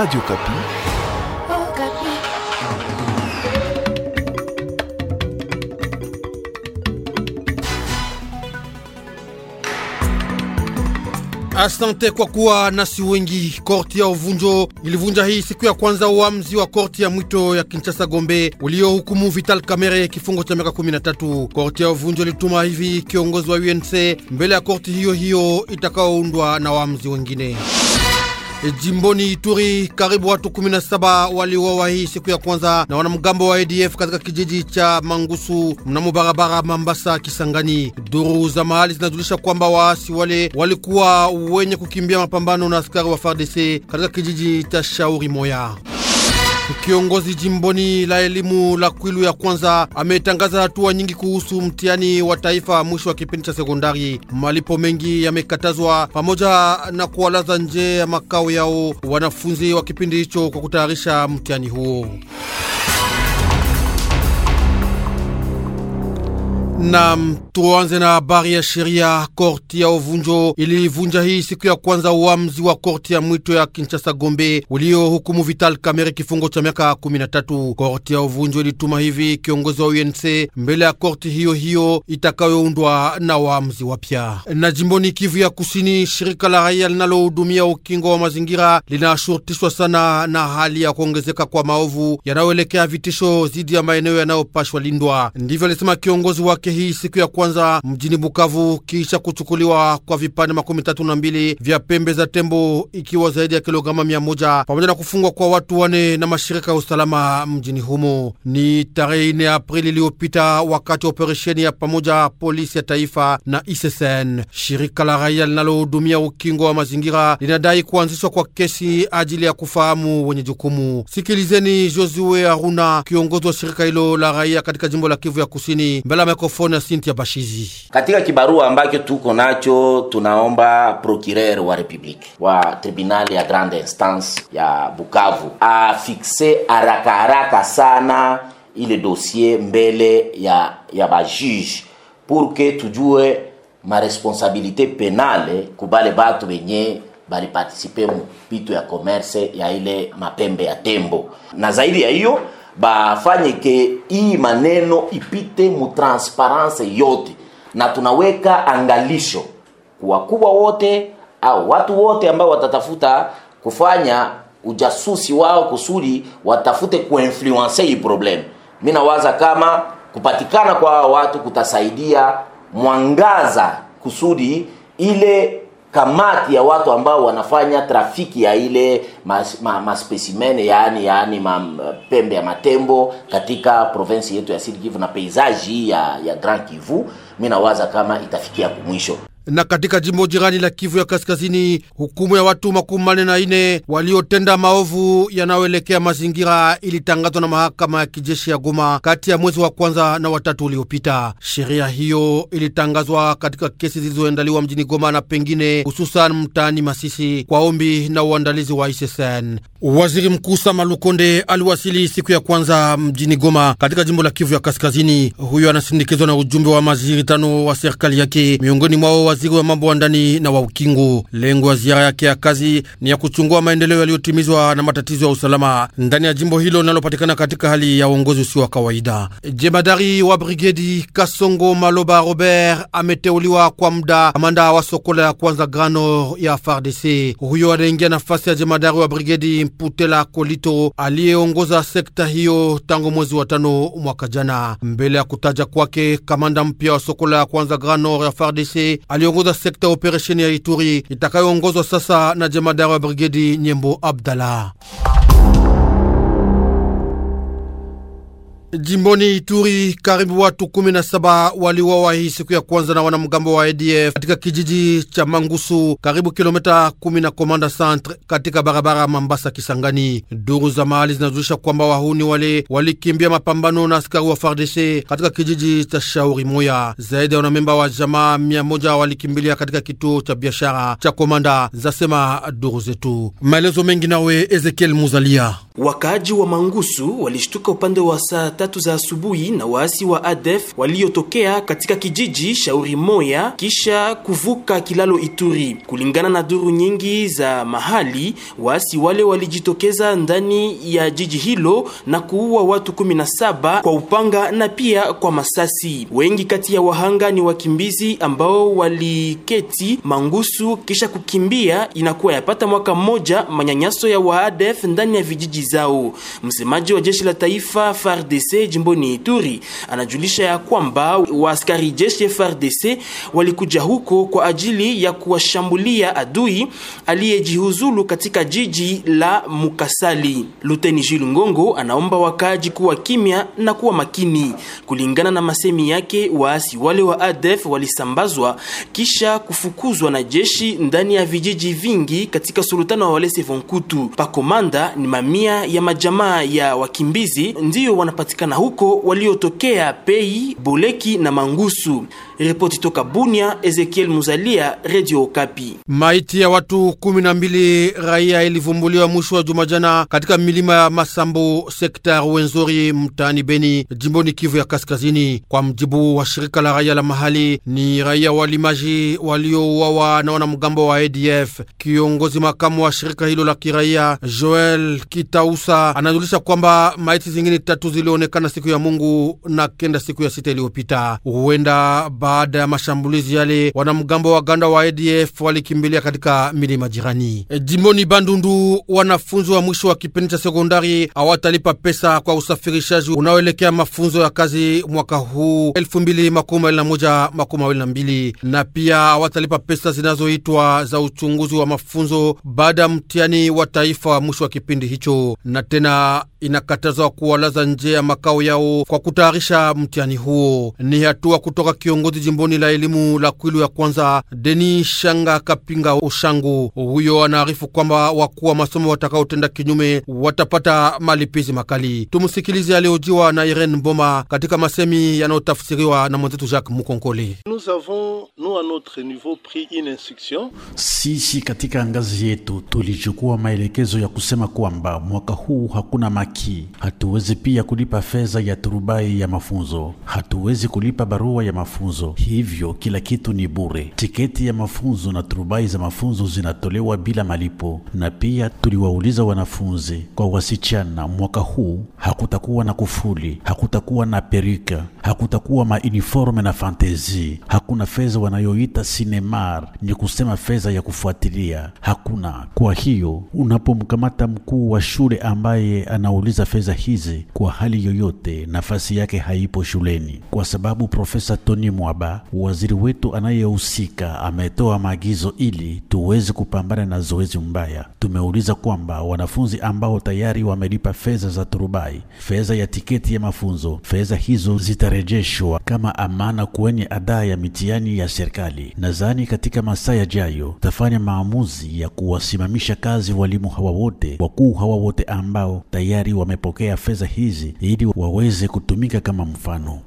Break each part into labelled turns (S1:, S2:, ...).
S1: Radio Kapi.
S2: Oh, Kapi.
S3: Asante kwa kuwa nasi wengi. Korti ya uvunjo ilivunja hii siku ya kwanza uamuzi wa korti ya mwito ya Kinshasa Gombe uliohukumu Vital Kamerhe kifungo cha miaka 13. Korti ya uvunjo ilituma hivi kiongozi wa UNC mbele ya korti hiyo hiyo itakaoundwa na waamuzi wengine. E, jimboni Ituri karibu watu 17 waliuawa hii siku ya kwanza na wanamgambo wa ADF katika kijiji cha Mangusu mnamo barabara Mambasa Kisangani. Duru za mahali zinajulisha kwamba waasi wale walikuwa wenye kukimbia mapambano na askari wa FARDC katika kijiji cha Shauri Moya. Kiongozi jimboni la elimu la Kwilu ya kwanza ametangaza hatua nyingi kuhusu mtihani wa taifa mwisho wa kipindi cha sekondari. Malipo mengi yamekatazwa pamoja na kuwalaza nje ya makao yao wanafunzi wa kipindi hicho kwa kutayarisha mtihani huo. nam tuanze na habari ya sheria. Korti ya uvunjo ilivunja hii siku ya kwanza uamuzi wa korti ya mwito ya Kinshasa Gombe uliohukumu Vital Kamerhe kifungo cha miaka 13. Korti ya uvunjo ilituma hivi kiongozi wa UNC mbele ya korti hiyo hiyo itakayoundwa na waamuzi wapya. Na jimboni Kivu ya Kusini, shirika la raia linalohudumia ukingo wa mazingira linashurutishwa sana na hali ya kuongezeka kwa maovu yanayoelekea vitisho dhidi ya maeneo yanayopashwa lindwa. Ndivyo alisema kiongozi wake yake hii siku ya kwanza mjini Bukavu kisha kuchukuliwa kwa vipande makumi tatu na mbili vya pembe za tembo ikiwa zaidi ya kilograma mia moja pamoja na kufungwa kwa watu wane na mashirika ya usalama mjini humo. Ni tarehe 4 Aprili iliyopita, wakati wa operesheni ya pamoja polisi ya taifa na ISSN, shirika la raia linalohudumia ukingo wa mazingira linadai kuanzishwa kwa kesi ajili ya kufahamu wenye jukumu. Sikilizeni Josue Aruna, kiongozi wa shirika hilo la raia katika jimbo la Kivu ya Kusini, mbele ya mikrofoni mikrofoni ya Cynthia Bashizi.
S2: Katika kibarua ambacho tuko nacho, tunaomba procureur wa republiki wa tribunal ya grande instance ya Bukavu afikse haraka haraka sana ile dossier mbele ya ya bajuge pour que tujue responsabilité penale kubale batu benye balipartisipe mupito ya commerce ya ile mapembe ya tembo, na zaidi ya hiyo bafanye ke hii maneno ipite mu yote, na tunaweka angalisho wakubwa wote au watu wote ambao watatafuta kufanya ujasusi wao kusudi watafute kuinfluence hii problem. Mimi nawaza kama kupatikana kwa hao watu kutasaidia mwangaza kusudi ile kamati ya watu ambao wanafanya trafiki ya ile maspecimen ma, ma yaani yaani ma, pembe ya matembo katika provinsi yetu ya Sud na peizaji ya, ya Grand Kivu, mimi nawaza kama itafikia kumwisho
S3: na katika jimbo jirani la Kivu ya Kaskazini, hukumu ya watu makumi manne na ine waliotenda maovu yanayoelekea mazingira ilitangazwa na mahakama ya kijeshi ya Goma kati ya mwezi wa kwanza na watatu uliopita. Sheria hiyo ilitangazwa katika kesi zilizoandaliwa mjini Goma na pengine hususan mtaani Masisi kwa ombi na uandalizi wa ISSN. Waziri Mkuu Sama Lukonde aliwasili siku ya kwanza mjini Goma katika jimbo la Kivu ya Kaskazini. Huyo anasindikizwa na ujumbe wa maziri tano wa serikali yake miongoni mwao wa waziri wa mambo ya ndani na wa ukingo. Lengo ya ziara yake ya kazi ni ya kuchungua maendeleo yaliyotimizwa na matatizo ya usalama ndani ya jimbo hilo linalopatikana katika hali ya uongozi usio wa kawaida. Jemadari wa brigedi Kasongo Maloba Robert ameteuliwa kwa muda kamanda wa Sokola ya kwanza Grano ya FARDC. Huyo anaingia nafasi ya jemadari wa brigedi Mputela Kolito aliyeongoza sekta hiyo tangu mwezi wa tano mwaka jana. Mbele ya kutaja kwake kamanda mpya wa Sokola ya kwanza Grano ya FARDC aliongoza sekta ya operesheni ya Ituri itakayoongozwa sasa na jemadari wa brigedi Nyembo Abdallah. Jimboni Ituri, karibu watu saba waliuawa hii siku ya kwanza na wanamgambo wa ADF katika kijiji cha Mangusu, karibu kilomita kumi na Komanda Centre, katika barabara Mambasa Kisangani. Duru za mahali zinazuisha kwamba wahuni wale walikimbia mapambano na askari wa FARDC katika kijiji cha Shauri Moya. Zaidi ya wanamemba wa jamaa mia moja walikimbilia katika kituo cha biashara cha Komanda, zasema duru zetu. Maelezo mengi nawe Ezekiel Muzalia.
S4: Wakaaji wa Mangusu walishtuka upande wa saa tatu za asubuhi na waasi wa ADF waliotokea katika kijiji Shauri Moya kisha kuvuka kilalo Ituri. Kulingana na duru nyingi za mahali, waasi wale walijitokeza ndani ya jiji hilo na kuua watu 17 kwa upanga na pia kwa masasi. Wengi kati ya wahanga ni wakimbizi ambao waliketi Mangusu kisha kukimbia. Inakuwa yapata mwaka mmoja manyanyaso ya wa ADF ndani ya vijiji juhudi zao. Msemaji wa jeshi la taifa FARDC jimboni Ituri anajulisha ya kwamba waaskari jeshi FARDC walikuja huko kwa ajili ya kuwashambulia adui aliyejihuzulu katika jiji la Mukasali. Luteni Jules Ngongo anaomba wakaaji kuwa kimya na kuwa makini. Kulingana na masemi yake, waasi wale wa ADF walisambazwa kisha kufukuzwa na jeshi ndani ya vijiji vingi katika sultani wa Walese Vonkutu. Pakomanda ni mamia mamia ya majamaa ya wakimbizi ndiyo wanapatikana huko waliotokea Pei, Boleki na Mangusu. Ripoti toka Bunia, Ezekiel Muzalia, Radio Okapi. Maiti ya watu kumi na mbili raia ilivumbuliwa
S3: mwisho wa jumajana katika milima ya Masambo, sekta Rwenzori, mtaani Beni, jimboni Kivu ya Kaskazini. Kwa mjibu wa shirika la raia la mahali, ni raia walimaji waliouawa na wanamgambo wa ADF. Kiongozi makamu wa shirika hilo la kiraia Joel Kitausa anajulisha kwamba maiti zingine tatu zilionekana siku ya Mungu na kenda siku ya sita iliyopita huenda baada ya mashambulizi yale, wanamgambo wa ganda wa ADF walikimbilia katika milima jirani. E, jimboni Bandundu, wanafunzi wa mwisho wa kipindi cha sekondari hawatalipa pesa kwa usafirishaji unaoelekea mafunzo ya kazi mwaka huu 2021/2022 na pia hawatalipa pesa zinazoitwa za uchunguzi wa mafunzo baada ya mtihani wa taifa wa mwisho wa kipindi hicho, na tena inakatazwa kuwalaza nje ya makao yao kwa kutayarisha mtihani huo. Ni hatua kutoka kiongozi kiongozi jimboni la elimu la Kwilu ya kwanza Deni Shanga Kapinga Ushangu. Huyo anaarifu kwamba wakuu wa masomo watakaotenda kinyume watapata malipizi makali. Tumsikilize aliyojiwa na Irene Mboma katika masemi yanayotafsiriwa na mwenzetu Jacques Mukonkoli.
S5: Sisi katika ngazi yetu tulichukua maelekezo ya kusema kwamba mwaka huu hakuna maki, hatuwezi pia kulipa fedha ya turubai ya mafunzo, hatuwezi kulipa barua ya mafunzo mafunzo, hivyo kila kitu ni bure. Tiketi ya mafunzo na turubai za mafunzo zinatolewa bila malipo. Na pia tuliwauliza wanafunzi, kwa wasichana mwaka huu hakutakuwa na kufuli, hakutakuwa na perika hakutakuwa mauniforme na fantezi, hakuna fedha wanayoita sinemar, ni kusema fedha ya kufuatilia, hakuna. Kwa hiyo unapomkamata mkuu wa shule ambaye anauliza fedha hizi kwa hali yoyote, nafasi yake haipo shuleni, kwa sababu Profesa Tony Mwaba, waziri wetu anayehusika, ametoa maagizo ili tuweze kupambana na zoezi mbaya. Tumeuliza kwamba wanafunzi ambao tayari wamelipa fedha za turubai, fedha ya tiketi ya mafunzo, fedha hizo zitare kurejeshwa kama amana kwenye ada ya mitihani ya serikali. Nadhani katika masaa yajayo tafanya maamuzi ya kuwasimamisha kazi walimu hawa wote, wakuu hawa wote ambao tayari wamepokea fedha hizi ili waweze kutumika kama mfano.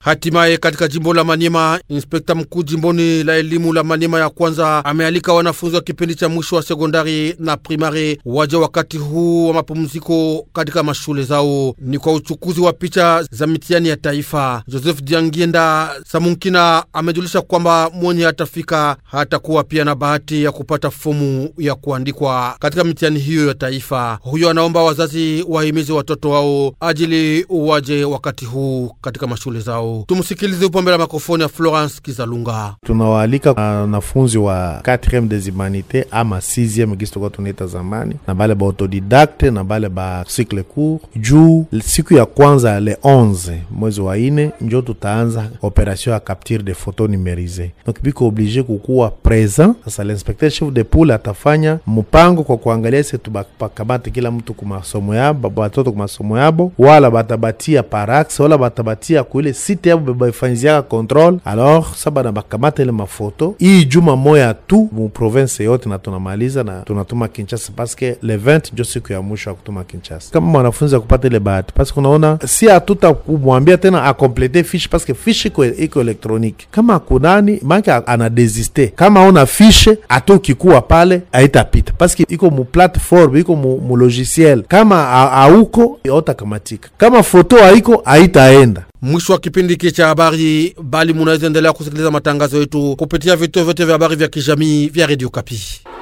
S5: Hatimaye
S3: katika jimbo la manyema inspekta mkuu jimboni la elimu la manyema ya kwanza amealika wanafunzi wa kipindi cha mwisho wa sekondari na primari waje wakati huu wa mapumziko katika mashule zao yao ni kwa uchukuzi wa picha za mitihani ya taifa. Joseph Diangienda Samunkina amejulisha kwamba mwenye atafika hatakuwa pia na bahati ya kupata fomu ya kuandikwa katika mitihani hiyo ya taifa. Huyo anaomba wazazi wahimize watoto wao ajili uwaje wakati huu katika mashule zao. Tumsikilize upambele la makofoni ya Florence Kizalunga.
S1: Tunawaalika uh, wanafunzi wa 4 e des humanite ama 6eme gisi tunaita zamani na bale ba autodidacte na bale ba cycle court juu siku ya kwanza le 11 mwezi wa ine njo tutaanza operation ya capture de photo numerise, donc biko oblige kukuwa present. Sasa l'inspecteur chef de poule atafanya mpango kwa kuangalia se tubakamate kila mtu kumasomo yabo, batoto kumasomo yabo, wala batabatia parax wala batabatia kuile site yabo bebafanyiziaka controle. Alors saba na bakamata ile mafoto iyi juma moya tu mu province yote, na tunamaliza na tunatuma Kinshasa, paske le 20 njo siku ya mwisho ya kutuma Kinshasa kama mwanafunzi kupata apate ile parce paske unaona, si atuta kumwambia tena akomplete fishi paske fishe iko elektroniki. Kama akunani make anadesiste, kama ona fishe hata ukikuwa pale aitapita que iko mu plateforme iko mu, mu logiciel. Kama auko aotakamatika, kama foto aiko aitaenda. Mwisho wa kipindi hiki cha
S3: habari, bali munaweza endelea kusikiliza matangazo yetu kupitia vituo vyote vya habari vya kijamii vya Radio
S5: Kapi.